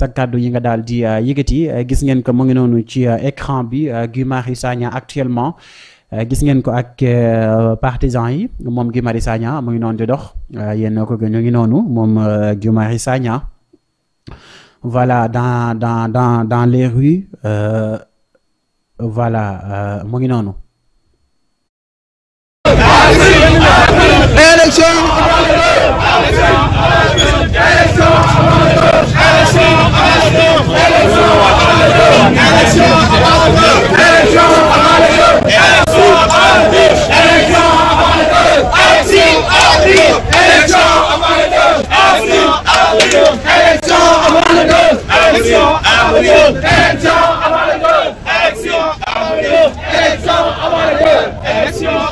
sa kàddu yi nga daal di euh, yëkkati euh, gis ngeen ko mu ngi noonu ci euh, écran bi Guy yi Sagna actuellement gis ngeen ko ak partisan yi moom Guy Marius Sagna mu ngi noonu di dox yéen ko gën ngi noonu moom Guy yi Sagna voilà dans dans dans dans les rues voilà mu ngi noonu. Action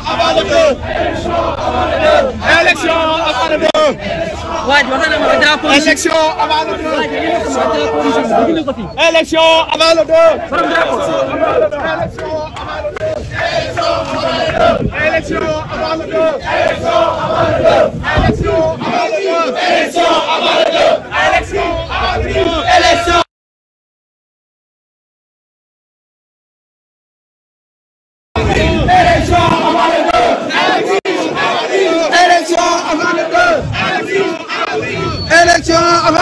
avant le feu élection avant le deux. élection avant le deux. élection avant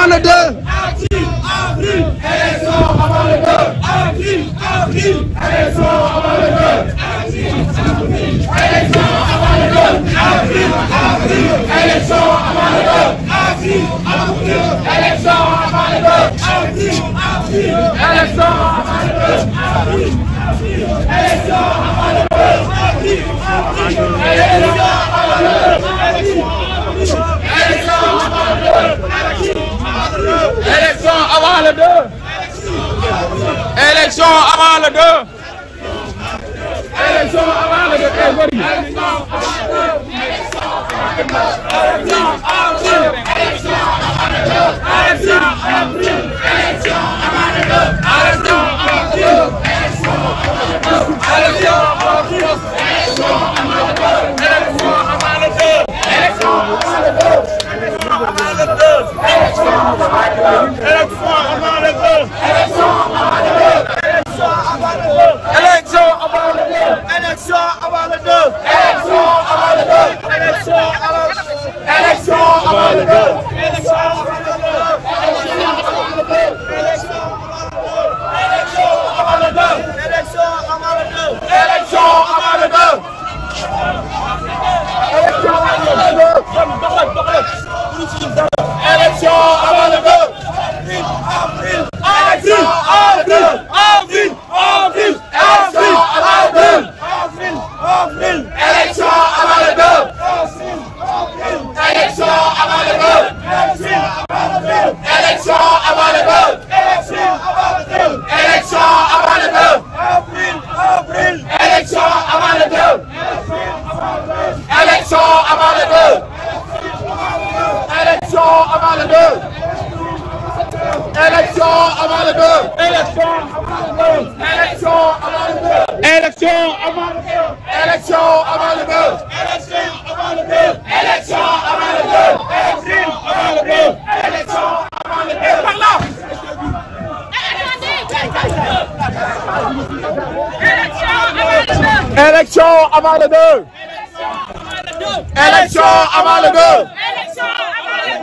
le 2. élection avant le 2. élection avant le 2. élection avant le 2. élection avant le 2. avant le 2. Élection avant le 2. Élection avant le 2. Élection avant le 2. Élection avant le 2. Élection avant le 2. Élection avant le 2. Élection avant le 2. Élection avant le 2. Élection avant le 2. Par là. Élection avant le 2. Élection avant le 2. Élection avant le 2.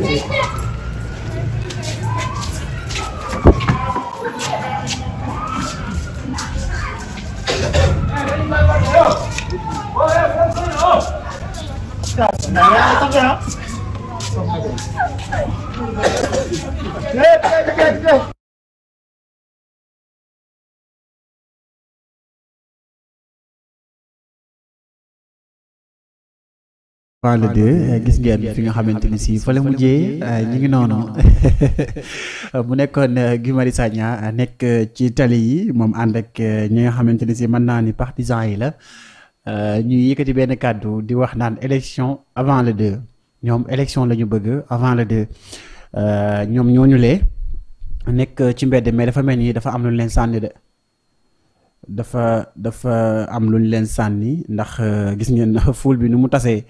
Jersey. That's not Parle 2 euh, gis ngeen fi nga xamante ni si fële mujjee euh, euh, ñu ngi noonu mu nekkoon Guy Marius Sagna nekk ci tali yi moom ànd ak ñi nga xamante ni si mën naa ni partisan yi la ñuy yëkkati benn kàddu di wax naan élection avant le 2 ñoom élection lañu bëgg avant le 2 ñoom ñooñu nekk ci mbedd mais dafa mel ni dafa am lu leen sànni de. dafa dafa am luñ leen sànni ndax gis ngeen fuul bi nu mu tasee.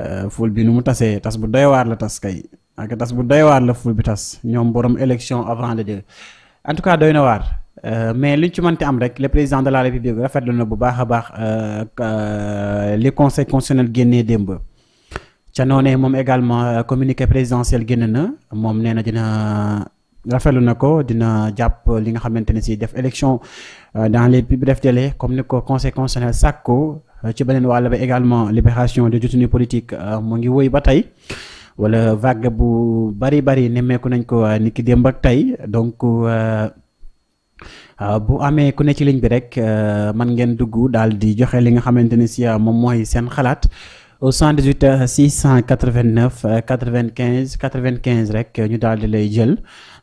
Euh, ful bi nu mu tasee tas bu doy la tas kay ak tas bu doy la ful bi tas ñoom borom élection avant le deux en tout cas doy na waar euh, mais li ci mënti am rek le président de la république rafetlu na bu baax a baax euh, li conseil constitutionnel génnee démb. ca noonee moom également communiqué présidentiel génne na moom nee na dina. rafetlu na ko dina jàpp li nga xamante ne si def élection euh, dans les plus brefs délais comme ni ko conseil constitutionnel sàkko euh, ci beneen wàll ba également libération des détenus politique euh, mu ngi woy ba tey wala vague bu bari bari nemmeeku nañ ko ni ki démb ak tey donc bu amee ku ne ci ligne bi rek man ngeen dugg daal di joxe li nga xamante ne si moom mooy seen xalaat. au 78 689 95 95 rek euh, ñu daal di lay jël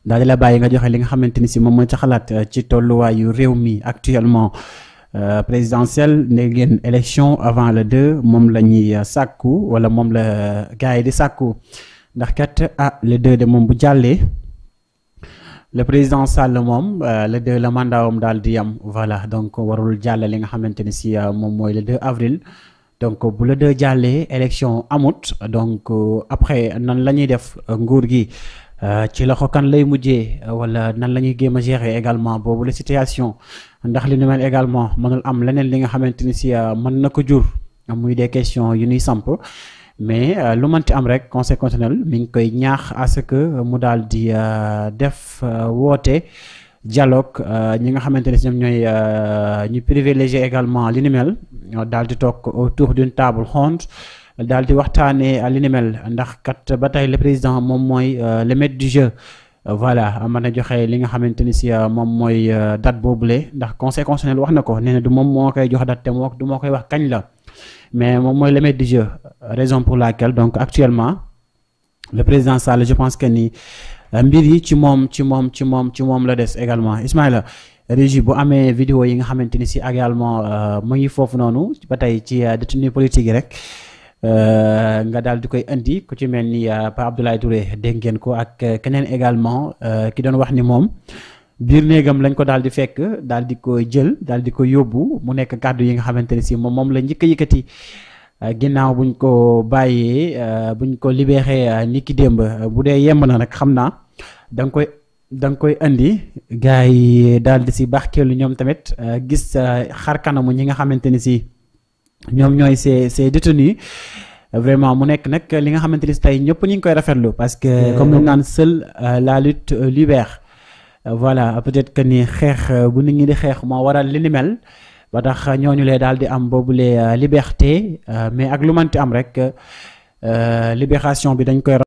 daal di la bàyyi nga joxe li nga xamante ni si moom mooy ci xalaat euh, ci tolluwaayu réew mi actuellement euh, présidentielle ne ngeen élection avant le 2 moom la ñuy sàkku wala moom la gars yi di sàkku ndax kat ah le 2 de moom bu jàllee. le président Sall moom le 2 la mandat am daal di yam voilà donc warul jàll li nga xamante ni si moom mooy le 2 avril donc bu la dee jàllee élection amut donc euh, après nan la ñuy def euh, nguur gi euh, ci loxo kan lay mujjee wala nan la ñuy géem a gérer également boobu la situation ndax li nu mel également mënul am leneen li nga xamante ni si mën na ko jur muy des question yu ñuy samp mais lu mënti am rek conseil constitutionnel mi ngi koy ñaax à que mu daal di def woote. dialogue euh, ñi nga xamante ne si ñoom ñooy euh, ñu privilégié également li ni mel daal di toog autour d'une table ronde daal di waxtaanee li ni ndax kat ba tey le président moom mooy euh, le maître du jeu voilà mën na joxe li nga xamante ni si moom mooy date boobule ndax conseil constitutionnel wax na ko nee na du moom moo koy jox dat te moo du moo koy wax kañ la mais moom mooy le maître du jeu raison pour laquelle donc actuellement le président Sall je pense que ni. Euh, mbir yi ci moom ci moom ci moom ci moom la des également Ismaïla régie bu amee vidéo yi nga xamante ni si également euh, mu ngi foofu noonu ba tey ci euh, détenu politique yi rek nga daal di koy indi ku ci mel ni Pa Abdoulaye Touré dégg ngeen ko ak keneen également ki doon wax ni moom biir néegam lañ ko daal di fekk daal di ko jël daal di ko yóbbu mu nekk kàddu yi nga xamante ne si moom moom la njëkk a yëkkati ginnaaw buñ ko bàyyee buñ ko libéré niki démb bu dee yemb na nag xam naa. da koy da nga koy indi gars yi daal di si lu ñoom tamit euh, gis euh, xar kanamu ñi nga xamante ni si ñoom ñooy ces ces détenus vraiment mu nekk nag li nga xamante ni si tey ñëpp ñu ngi koy rafetlu parce que comme ñu naan seul euh, la lutte libère voilà peut-être que ni xeex bu nit ñi di xeex moo waral li ni mel ba tax ñooñu lee daal di am boobule liberté mais ak lu manti am rek libération bi dañ koy